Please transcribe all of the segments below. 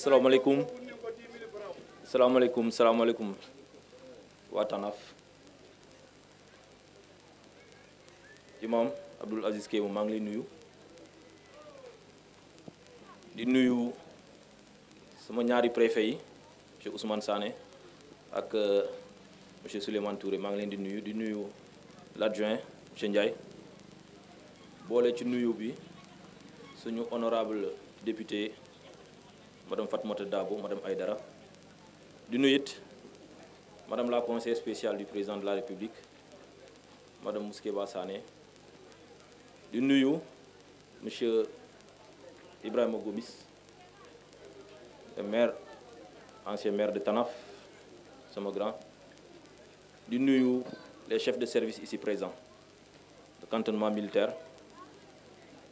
Salam alaikum, salam alaikum, alaikum alaikum. Watanaf. Aziz Abdul Aziz Aziz nuyu di nuyu sama ñaari préfet yi Ousmane Sané ak euh, monsieur Souleymane Touré maa leen di nuyu di l'adjoint Ndiaye honorable député madame Fatmata Dabo madame Aydara di madame la conseillère spéciale du président de la république madame Mouskeba Sane, du nuyu monsieur Ibrahim Gomis le maire ancien maire de Tanaf sama grand les chefs de service ici présents le cantonnement militaire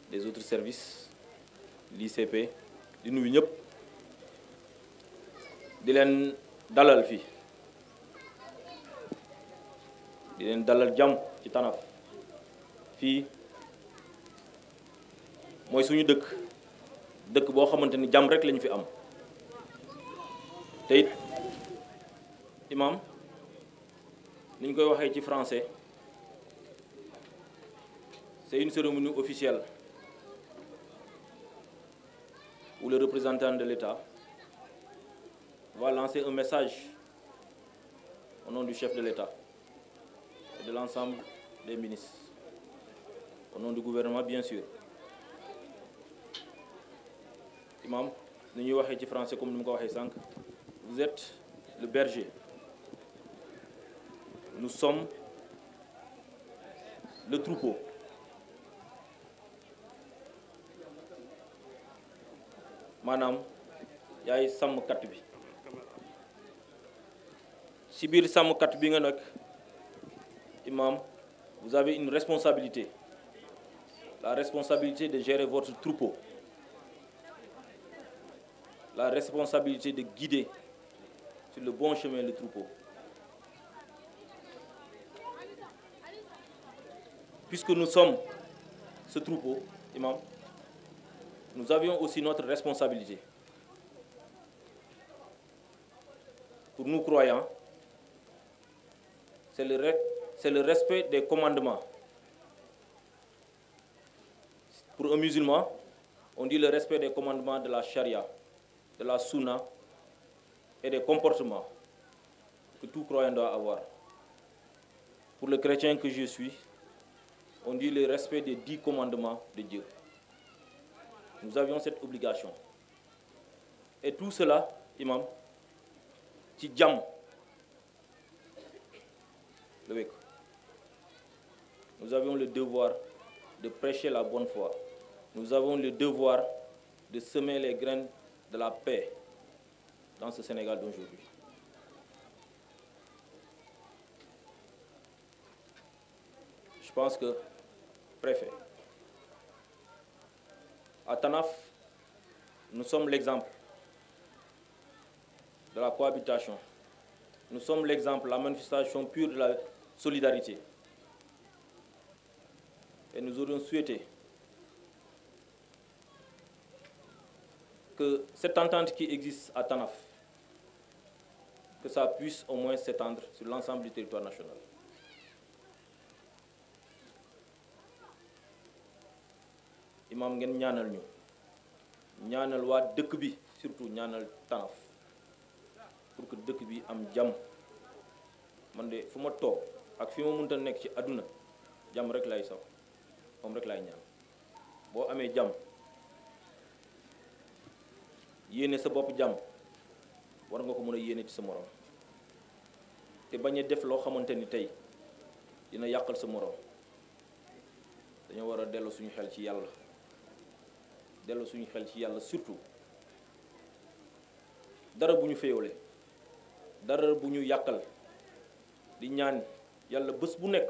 les autres services l'ICP du nuyu di dalal fi di dalal jam ci Tanaf suñu dëkk dëkk rek fi am te it imam koy ci français c'est une cérémonie officielle où le représentant de l'État va lancer un message au nom du chef de l'État et de l'ensemble des ministres, au nom du gouvernement bien sûr. Imam, nous sommes français comme nous sank. Vous êtes le berger. Nous sommes le troupeau. Madame, yaay sàmmkat Sibir imam vous avez une responsabilité la responsabilité de gérer votre troupeau la responsabilité de guider sur le bon chemin le troupeau puisque nous sommes ce troupeau imam nous avions aussi notre responsabilité pour nous croyants c'est le, respect des commandements. Pour un musulman, on dit le respect des commandements de la charia, de la sunna et des comportements que tout croyant doit avoir. Pour le chrétien que je suis, on dit le respect des dix commandements de Dieu. Nous avions cette obligation. Et tout cela, imam, jam nous avons le devoir de prêcher la bonne foi. Nous avons le devoir de semer les graines de la paix dans ce Sénégal d'aujourd'hui. Je pense que, préfet, à Tanaf, nous sommes l'exemple de la cohabitation. Nous sommes l'exemple, la manifestation pure de la solidarité. Et nous aurions souhaité que cette entente qui existe à Tanaf, que ça puisse au moins s'étendre sur l'ensemble du territoire national. imam nous nous. ñu ñaanal Wa de bi surtout de Tanaf pour que dëkk bi am jàmm man de ak fi mo munta nek ci aduna jam rek lay sax mom rek lay ñaan bo amé jam, yene sa jam, jam war nga ko mëna yene ci sa morom té baña def lo xamanteni tay dina yakal sa morom dañu wara delu suñu xel ci yalla delu suñu xel ci yalla surtout dara buñu dara buñu yakal di ñaan yàlla bés bu nekk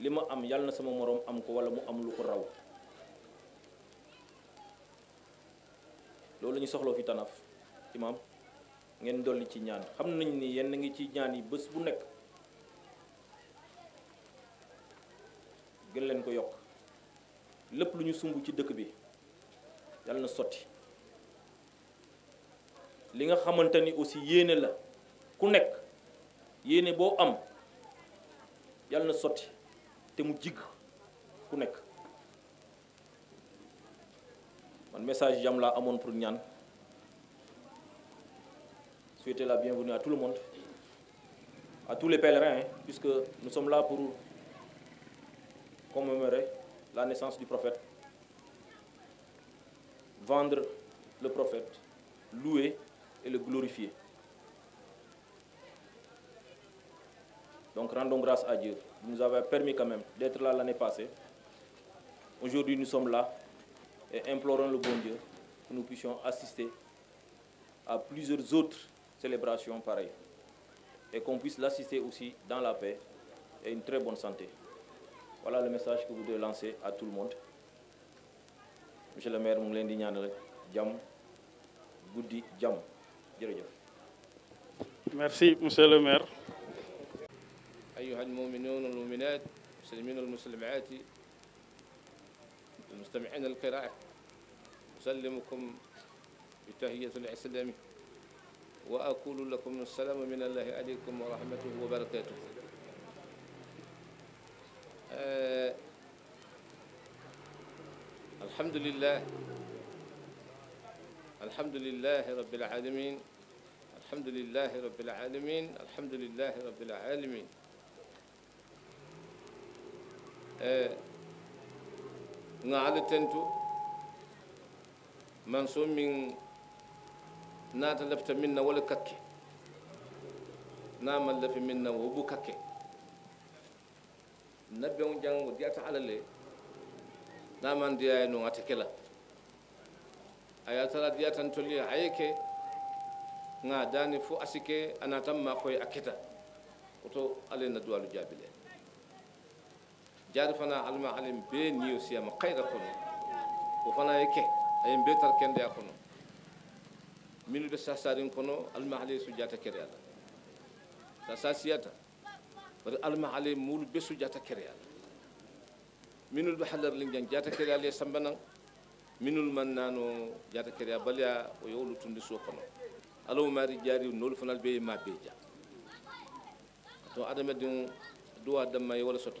li ma am yàlla na sama moroom am ko wala mu am lu ko raw loolu ñu soxloo fi tanaf imaam ngeen dolli ci ñaan xam nañ ni yenn ngi ci ñaan yi bés bu nekk gën leen ko yokk lépp lu ñu sumb ci dëkk bi yàlla na sotti li nga xamante ni aussi yéene la ku nekk yéene boo am Je na mu message jàmm la pour souhaiter la bienvenue à tout le monde à tous les pèlerins hein, puisque nous sommes là pour commémorer la naissance du prophète vendre le prophète louer et le glorifier Donc rendons grâce à Dieu. Il nous avait permis quand même d'être là l'année passée. Aujourd'hui, nous sommes là et implorons le bon Dieu que nous puissions assister à plusieurs autres célébrations pareilles et qu'on puisse l'assister aussi dans la paix et une très bonne santé. Voilà le message que vous devez lancer à tout le monde. Monsieur le maire, nous Djam, Goudi, Djam. Merci, monsieur le maire. أيها المؤمنون والمؤمنات المسلمين والمسلمات المستمعين الكرام أسلمكم بتهية الإسلام وأقول لكم السلام من الله عليكم ورحمته وبركاته آه الحمد لله الحمد لله رب العالمين الحمد لله رب العالمين الحمد لله رب العالمين Eh, nga ala tento man so min ta lafta min na wala kakke ma lafi min na wo bu kakke nabbeŋo jaŋ o diyata ala le naman diyaye no ate kela a ya tara diyatantoli a ye ke nga dani fo asike anatan makoye a keta wato ala na duwalu jaabi le jaade fana alma alim be niyo siyama kayra kono o fana e ke ayen be tar kende a kono minude sasarin kono alma alay sujjata kere ala sa sa siyata bare alma alay mulu be sujjata kere ala minul be halar linjan jata kere ala e sambanan minul man nano jata kere a baliya o yowlu tunde so kono alawo maari jaari nolu fanal be ma be ja to adama din duwa damma e wala soto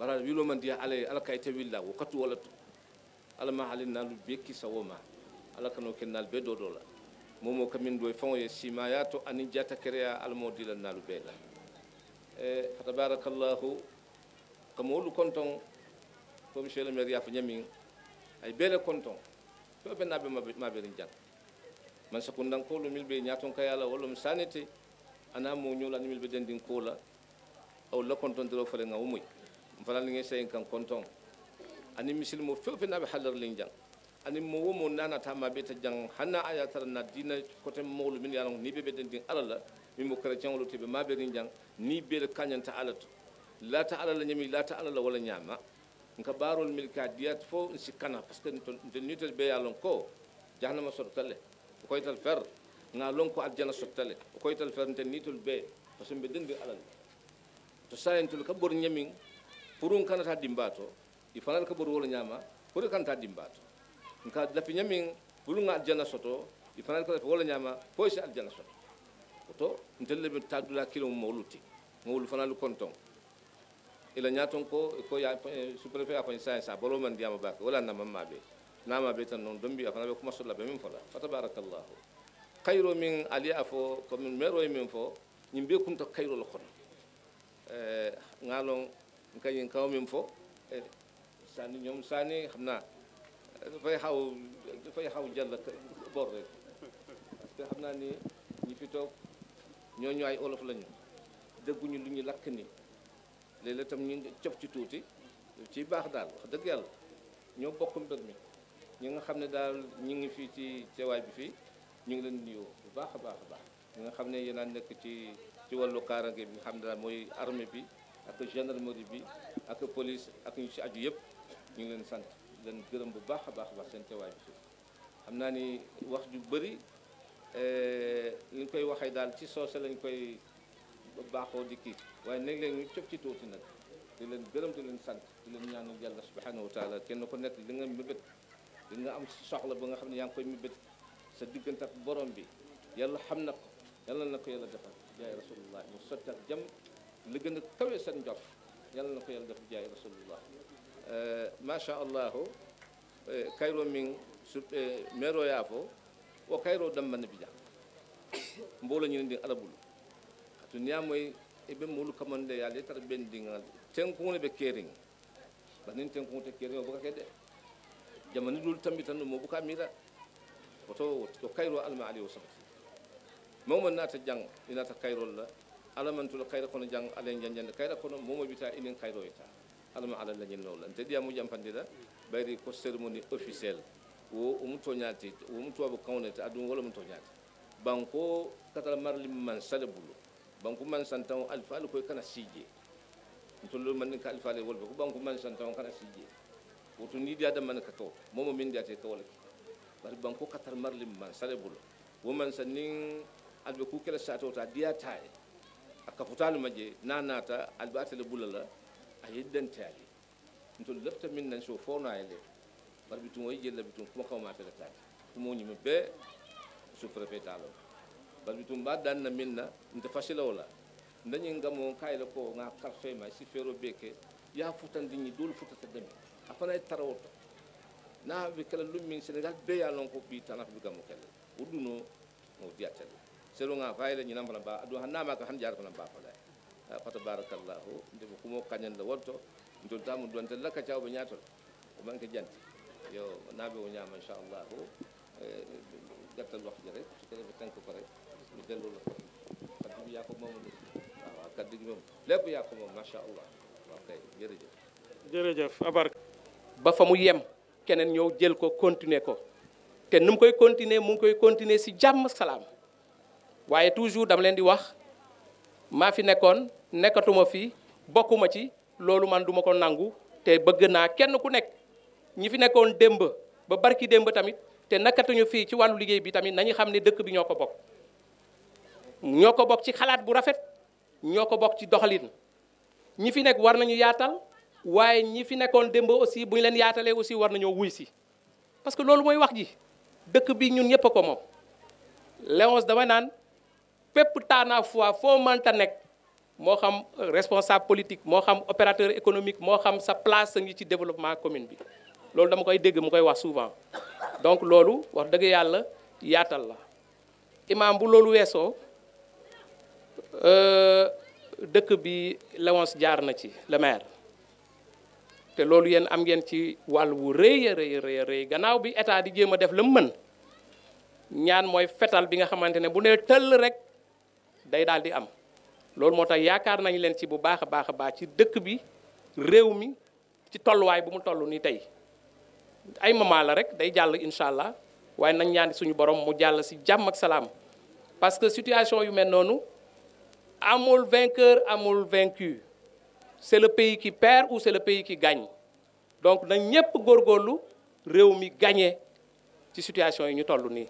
bara wilo man dia ala ala wilda willa wakati wala ala ma halin nalu beki sawoma ala kano kenal be do la momo kamin do fon ye ya to ani jata kreya al modila nalu be la e tabarakallahu kamolu konton ko monsieur le maire yafa nyamin ay bele konton to be nabe mabe rin jat man sakundan ko lumil be nyaton ala wolum sanete ana mo nyola ni milbe dendin kola aw la konton do le nga umuy mfana linge sayin kan konton ani misil mo fefe na be halar linjang ani mo wo mo nana ta ma be ta jang hanna aya tar na dina kote mawlu min yalon ni be be den din alala mi mo chrétien lo tebe ma be linjang ni be le kanyanta alato la ta alala nyami la ta alala wala nyama nka barol milka diyat fo si kana parce que de nutel be yalon ko jahannama sortale ko tal fer nga lon ko aljana sortale ko tal fer nitul be parce que be den din alala to sayentul kabor nyamin purun kana ta dimbato ifanal ka boru nyama pur kan ta dimbato nka lapi nyamin bulu nga aljanna soto ifanal ka wala nyama poisi aljanna soto oto ndelle be tadula kilo moluti ngolu fanal kontong, ila nyaton ko ko ya eh, superfe afan science a bolo man diama bak wala na mamma be na ma be tan non dombi afana be kuma solla be min fala fatabarakallah khairu min ali afo ko min mero min fo nyimbe kunta khairu lo kono eh ngalon kañum kawamum fo eh, sani ñoom sani xam naa dafay xaw dafay xaw jàll xam naa ni ñi fi toog ñooñu ay olof lañu dëgguñu lu ñu lakk ni léeg tam ñu ci tuuti ci baax daal yàlla ñoo bokk mbir mi ñi nga xam ne daal ñu ngi fii ci teewaay bi fii ñu ngi leen nuyoo bu baax a baax a baax ñi nga xam ne yéen a nekk ci ci wàllu kaaraange bi nga xam ne daal mooy armée bi ak gendarmerie bi ak police ak ñu ci aju yëpp ñu ngi leen sant di leen gërëm bu baax a baax baax seen teewaay bi xam naa ni wax ju bëri eh, liñ koy waxee daal ci soose lañ koy baaxoo di kii waaye léeg-léeg ñu cop ci tuuti nag di leen gërëm di leen sant di leen ñaanal yàlla subhanahu wa taala kenn ko nekk li nga mébét li nga am soxla ba nga xam ne yaa ngi koy mébét sa diggante ak borom bi yàlla xam na ko yàlla na ko yàlla defal jaay rasulullah mu sotti لجنة كوي سنجر يلا نقول يلا في جاي رسول الله ما شاء الله كيرو من ميرو يافو وكيرو دم من بيجا بولا نيندي على بول الدنيا مي ابن مول كمان ده يالي تر بين دين على تنكون بكيرين بنين تنكون تكيرين وبكا كده جمان دول تمي تنو مو بكا ميرا وتو كيرو المعلي وصبت مومن ناتجان ناتكيرو الله alamantul kayra kono jang alen janjande kayra kono momo bita inen kayroyta alama ala la noon lan tedi yamu jampandira bayri ko cérémonie officiel wo omu toñaati womu tuwabo kawnete adum wala mu toñaati banko katal marli man sale banko man santaw alfal ko kana sije to ntollo man ka alfal ala wolbe ko banko man santaw kana siije woto ni di adam man ka to momo min diate kawle bari banko katal marli man sale wo man sanin adbe ku kela sato ta diya taye A akka fotanima je nanata albe atele bulala a yeddante ali nto lefta min nan so fowna ele bar bitum o yijel bitum kuma kawma fele Kuma kumoñima be sous préfet talo bar bitum ba na min e na nte facile ola dañin gamo kayile ko karfe ma si fero be ke ya futandiñi dolu futata deme a fana ye tarawoto na be kela lummin sénégal be ya lon ko ɓi tanafa bi gamo kelle o ɗuno o diyatelle serunga faile nyinam pala ba hanna ma ka han jar fana ba fa da eh, ko tabarakallahu ndem ko mo kanyen de wonto ndol tamu don tan laka taw be nyato o banke janti yo nabe o nyama inshallah gattal wax jere su ko defé eh, tank paré ñu delu la kaddu ya ko mom wa kaddu gi mom lepp ya ko mom ma sha Allah wa kay jere jef abar ba famu yem kenen ñëw jël ko continuer ko té num koy continuer mu koy continuer ci jamm salam waaye toujours dama leen di wax maa fi nekkoon nekkatuma fi bokkuma ci loolu man duma ko nangu te bëgg naa kenn ku nekk ñi fi nekkoon démb ba barki démb tamit te nekkatuñu fii ci wàllu liggéey bi tamit nañu xam ne dëkk bi ñoo ko bokk ñoo ko bokk ci xalaat bu rafet ñoo ko bokk ci doxalin ñi fi nekk war nañu yaatal waaye ñi fi nekkoon démb aussi bu ñu leen yaatalee aussi war nañoo wuy si parce que loolu mooy wax ji dëkk bi ñun ñëpp a ko moom léonce dama naan fépp taana fois foo mënta nekk moo xam responsable politique moo xam opérateur économique moo xam sa place ngi ci développement commune bi loolu dama koy dégg mu koy wax souvent donc loolu wax dëgg yàlla yaatal la imaam bu loolu weesoo euh, dëkk bi Léonce jaar na ci le maire te loolu yéen am ngeen ci wàll wu rëy a rëy rëy gannaaw bi état di jéem a def la mu mën ñaan mooy fetal bi nga xamante ne bu nee tëll rek day daldi am loolu motax tax nañ que ci bu a ba ci bi ci bu mu tollu ni tay ay mama la rek day nañ ñaan suñu borom mu ak parce que situation yu mel amul vainqueur amul vaincu c'est le pays qui perd ou c'est le pays qui gagne donc nañ ñepp gagner réew mi ci situation yi ñu tollu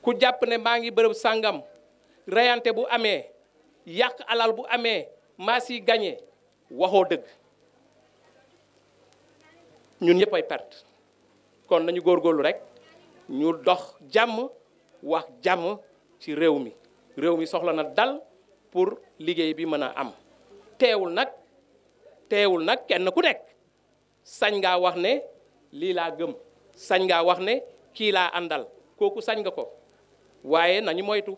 Si ku ne rayante bu amee yàq alal bu amee maa si gañe waxoo dëgg ñun ñëpp ay perte kon nañu góorgóorlu rek ñu dox jàmm wax jàmm ci réew mi réew mi soxla na dal pour liggéey bi mën a am teewul nag teewul nag kenn ku nekk sañ ngaa wax ne lii laa gëm sañ ngaa wax ne kii laa àndal kooku sañ nga ko waaye nañu moytu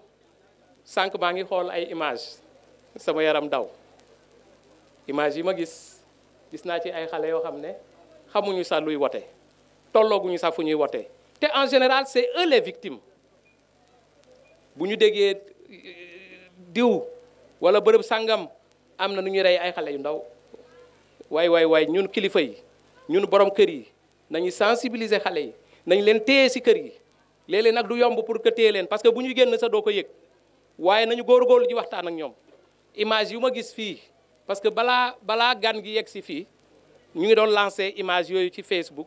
sànq maa ngi xool ay image sama yaram daw image yi ma gis gis naa ci ay xale yoo xam ne xamuñu sax luy wote tollooguñu sax fu ñuy wote te en général c'est eux les victimes bu ñu déggee euh, diw wala bërëb sàngam am na nu ñuy rey ay xale yu ndaw waay waay waay ñun kilifa yi ñun borom kër yi nañu sensibiliser xale yi nañ leen téye ci kër yi léeg-léeg nag du yomb pour que téye leen parce que bu ñu génn sa doo ko yëg waaye nañu góorgóorlu ji waxtaan ak ñoom image yu ma gis fii parce que balaa balaa gan gi yegg si fii ñu ngi doon lancé image yooyu ci Facebook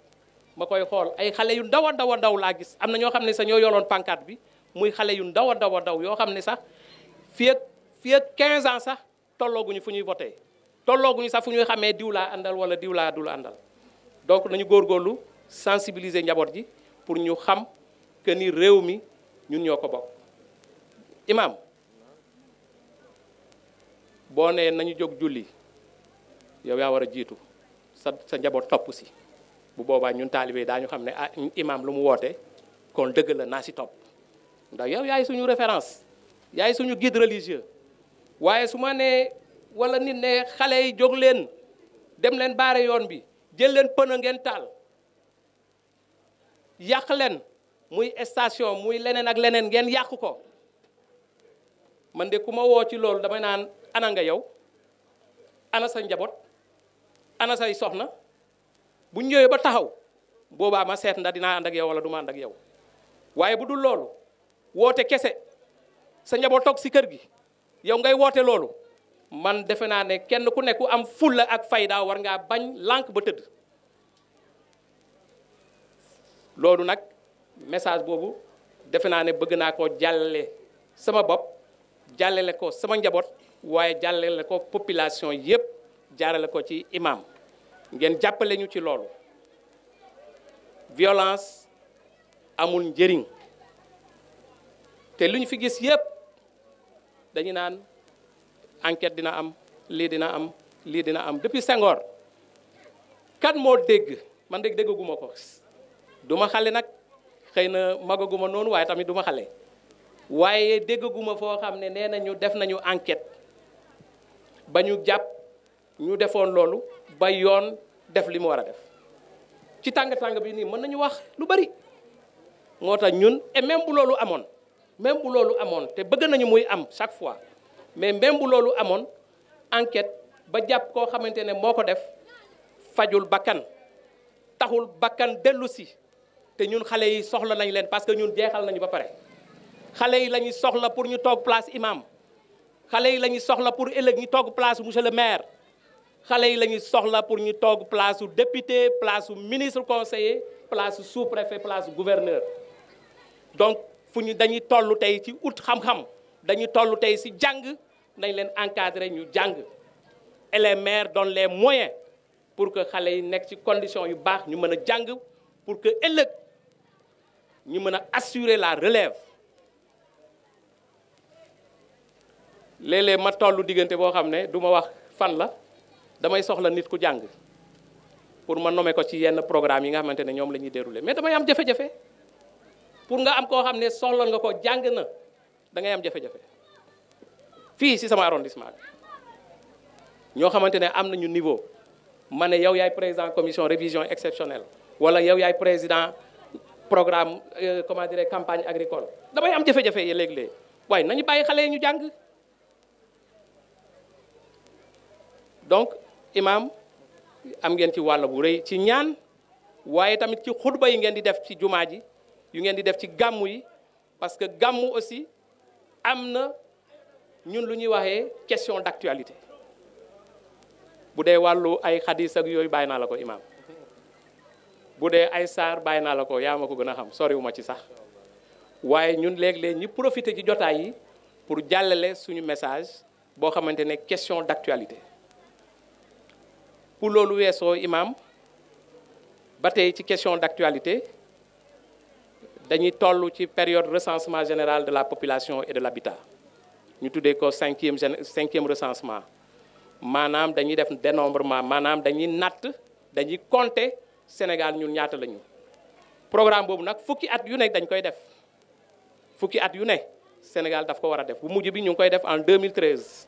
ma koy xool ay xale yu ndaw a ndaw a ndaw laa gis am na ñoo xam ne sax ñoo yoroon pancarte bi muy xale yu ndaw a ndaw a ndaw yoo xam ne sax fii ak fii ak 15 ans sax tollooguñu fu ñuy voté tollooguñu sax fu ñuy xamee diw laa àndal wala diw laa dul andal donc nañu góorgóorlu sensibiliser njaboot ji pour ñu xam que ni réew mi ñun ñoo ko bokk. imam boo nee nañu jóg julli yow yaa war a jiitu sa sa njaboot topp si bu boobaa ñun taalibe daañu xam ne ah imaam lu mu woote kon dëgg naa si topp ndax yow yaay suñu référence yaay suñu guide religieux waaye su ma nee wala nit ne xale yi jóg leen dem leen baare yoon bi jël leen pën ngeen taal yàq leen muy station muy leneen ak leneen ngeen yàq ko man de ku ma woo ci loolu damay naan ana nga yow ana sa njaboot ana say soxna bu ñëwee ba taxaw boobaa ma seet ndax dinaa ànd ak yow wala du ma ak yow waaye bu dul loolu woote kese sa njaboot toog si kër gi yow ngay woote loolu man defe naa ne kenn ku nekk am fulla ak fayda war ngaa bañ lànk ba tëdd loolu nag message boobu defe naa ne bëgg naa koo jàlle sama bopp jàllale ko sama njaboot waaye jàllale ko population yëpp jaarale ko ci imam ngeen jàppale ñu ci lool violence amul njëriñ te lu ñu fi gis yëpp dañu naan enquête dina am lii dina am lii dina am depuis Senghor kan moo dégg man dégg déggaguma ko duma xale nag xëy na magaguma noonu waaye tamit duma xale waaye déggaguma fo xam ne nee def nañu enquête ba ñu jàpp ñu defoon loolu ba yoon def li mu war a def ci tàng-tàng bi nii mën nañu wax lu bari moo tax ñun et même bu loolu amoon même bu loolu amoon te bëgg nañu muy am chaque fois mais même bu loolu amoon enquête ba jàpp koo xamante ne moo ko def fajul bakkan taxul bakkan dellu si te ñun xale yi soxla nañ leen parce que ñun jeexal nañu ba pare xalé yi la pour place imam yi pour place monsieur le maire yi pour place député place ministre conseiller place sous-préfet place gouverneur donc fu ñu dañuy tollu nous ci xam-xam dañuy encadrer et les maires donnent les moyens pour que nous yi nekk ci condition yu ñu pour que nous ñu assurer la relève léeg-léeg ma tollu diggante boo xam ne du ma wax fan la damay soxla nit ku jàng pour ma nome ko ci yenn programme yi nga xamante ne ñoom la ñuy dérouler mais damay am jafe-jafe pour nga am koo xam ne soxla nga ko jàng na da ngay am jafe fii si sama arrondissement ñoo xamante ne am nañu niveau ma ne yow yaay président commission révision exceptionnelle wala yow yaay président programme euh, comment dire campagne agricole damay am jafe-jafe yi léeg-léeg waaye nañu bàyyi xale yi ñu jàng donc Imam, am ngeen ci wàll bu rëy ci ñaan waaye tamit ci xutba yi ngeen di def ci jumaa ji yu ngeen di def ci yi parce que gamu aussi am na ñun lu ñuy waxee question d'actualité bu dee wàllu ay xadis ak yooyu bàyyi naa la ko imaam bu dee ay saar bàyyi naa la ko yaa ma ko ci sax waaye ñun léeg-léeg ñi profité ci jotaay yi pour jàllale suñu message boo xamante ne question d'actualité pour lolu wesso imam batay question d'actualité dañuy période recensement général de la population et de l'habitat ñu cinquième recensement Manam dañuy dénombrement Manam dañuy dañuy compter Sénégal ñun lañu programme bobu nak fukki at yu dañ koy Sénégal daf en 2013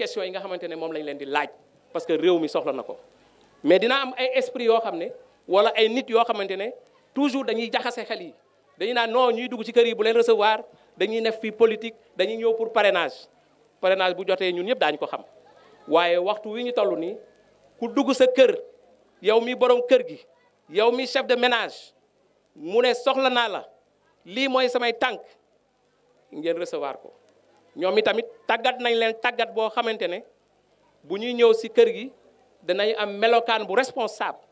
question yi nga xamante ne moom lañ leen di laaj parce que réew mi soxla na ko mais dina am ay esprit yoo xam ne wala ay nit yoo xamante ne toujours dañuy jaxase xel yi dañuy naan noo ñuy dugg ci kër yi bu leen recevoir dañuy def fii politique dañuy ñëw pour parrainage parenage bu jotee ñun ñëpp daañu ko xam waaye waxtu wi ñu toll nii ku dugg sa kër yow mi borom kër gi yow mi chef de ménage mu ne soxla naa la lii mooy samay tànk ngeen recevoir ko ñom i tamit tàggat nañ leen tagat bo xamantene ne bu ñuy ñew ci kër gi am melokan bu responsable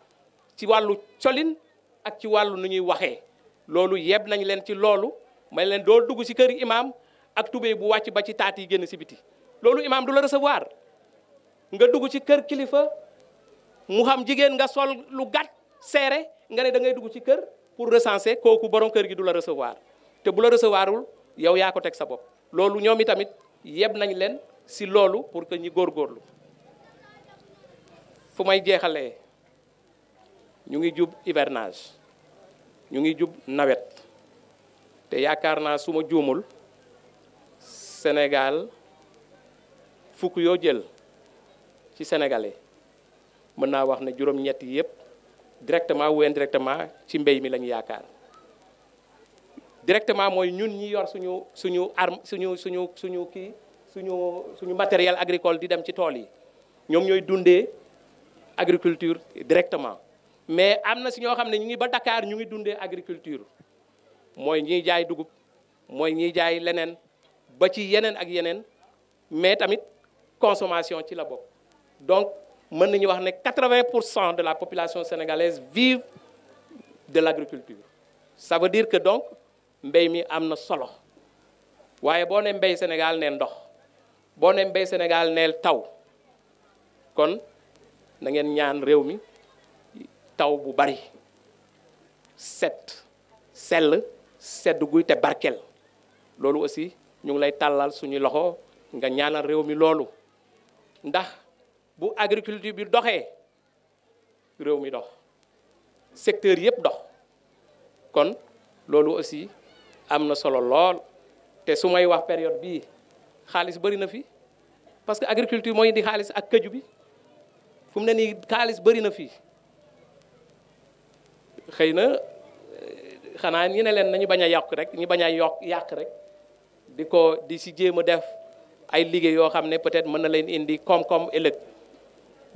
ci walu cholin ak ci walu nu ñuy waxee lolu yeb nañ leen ci lolu may leen do dugg si kër imam, ak tubey bu wacc ba ci taat genn ci biti lolu imam du la recevoir nga dugg ci kër kilifa mu xam jigen nga sol lu gat séré nga ne da ngay dugg ci kër pour recenser koku borom kër gi du la recevoir te bu la recevoirul yow ya ko tek sa bop loolu ñoom itamit yeb nañ leen si loolu pour que ñi góorlu fu may jeexalee ñu ngi jub hivernage ñu ngi jub nawet te yaakaar naa su ma juumul Sénégal fukk yoo jël ci sénégalais mën naa wax ne juróom-ñett yépp directement ou indirectement ci mbéy mi lañu yaakaar directement moy ñun ñi yor suñu suñu arme suñu suñu suñu ki suñu suñu matériel agricole di dem ci tool yi ñoom ñooy agriculture directement mais amna suñu xamné ñi ngi ba Dakar ñu ngi dundé agriculture moy ñi jaay dugub moy ñi jaay leneen ba ci yenen ak yenen mais tamit consommation ci la bokk donc mën nañu wax né 80 de la population sénégalaise vive de l'agriculture ça veut dire que donc mbéy mi am na solo waaye boo ne mbéy Sénégal neel ndox boo ne mbéy Sénégal neel taw kon nangeen ñaan réew mi taw bu bari set sell sedd guy te barkel loolu aussi ñu ngi lay tàllal suñuy loxo nga ñaanal réew mi loolu ndax bu agriculture bi doxee réew mi dox secteur yëpp dox kon loolu aussi am solo lol te sumay wax période bi xaliss bari na fi parce que agriculture moy di xaliss ak keju bi fum ne ni xaliss bari na fi xeyna eh, xana ni ne len nañu baña yak rek ñu baña yok yak rek di ko di ci jema def ay liggéey yo xam peut-être mën len leen indi kom kom elek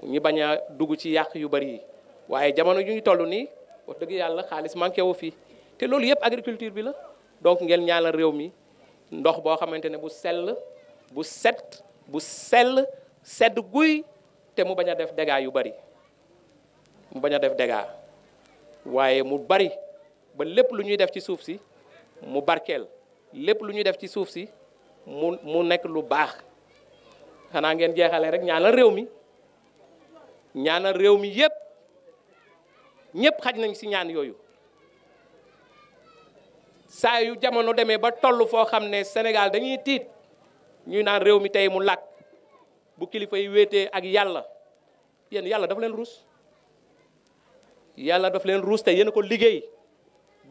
ñu baña a dugg ci yak yu bari waye jamono yu ñu tollu ni wax deug yalla xaliss manké wu fi te loolu yépp agriculture bi la donc ngeen ñaanal réew mi ndox boo xamante ne bu sell bu set bu sell sedd guy te mu bañ a def dégâts yu bari mu bañ a def dégâts waaye mu bari ba lépp lu ñuy def ci suuf si mu barkeel lépp lu ñuy def ci suuf si mu mu nekk lu baax xanaa ngeen jeexalee rek ñaanal réew mi ñaanal réew mi yépp ñépp xaj nañ ci ñaan yooyu saayu jamono demee ba toll foo xam ne Sénégal dañuy tiit ñuy naan réew mi tey mu làkk bu kilifa yi wéetee ak yàlla yéen yàlla dafa leen ruus yàlla daf leen ruus te yéen ko liggéey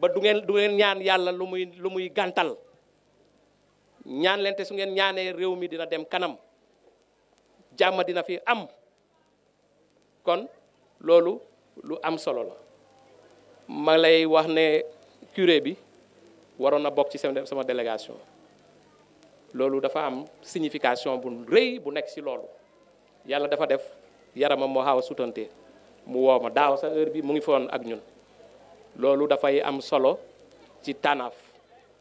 ba du ngeen du ñaan yàlla lu muy lu muy gàntal ñaan leen te su ngeen ñaanee réew mi dina dem kanam jàmm dina fi am kon loolu lu am solo la ma lay wax ne curé bi waroon na bokk ci sama délégation loolu dafa am signification bu rëy bu nekk ci loolu yàlla dafa def yaramam moo xaw a sutante mu woo ma daaw sa heure bi mu ngi foon ak ñun loolu dafay am solo ci tanaf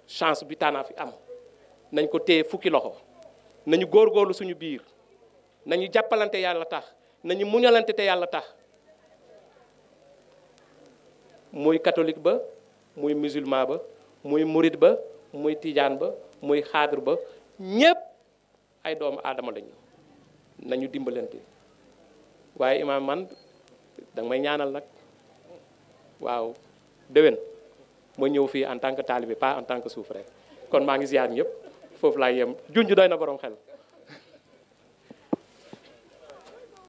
chance bi tanaf yi am nañ ko téye fukki loxo nañu góorgóorlu suñu biir nañu jàppalante yàlla tax nañu muñalante te yàlla tax muy catholique ba muy musulman ba muy murit ba muy tiijaan ba muy xaadir ba ñépp ay doomu aadama lañu nañu dimbalante waaye imaam man danga may ñaanal nag waaw déwén ma ñëw fii en tant que taalibe pas en tant que suuf rek kon maa ngi ziar ñëpp foofu laa yem junj doy na borom xel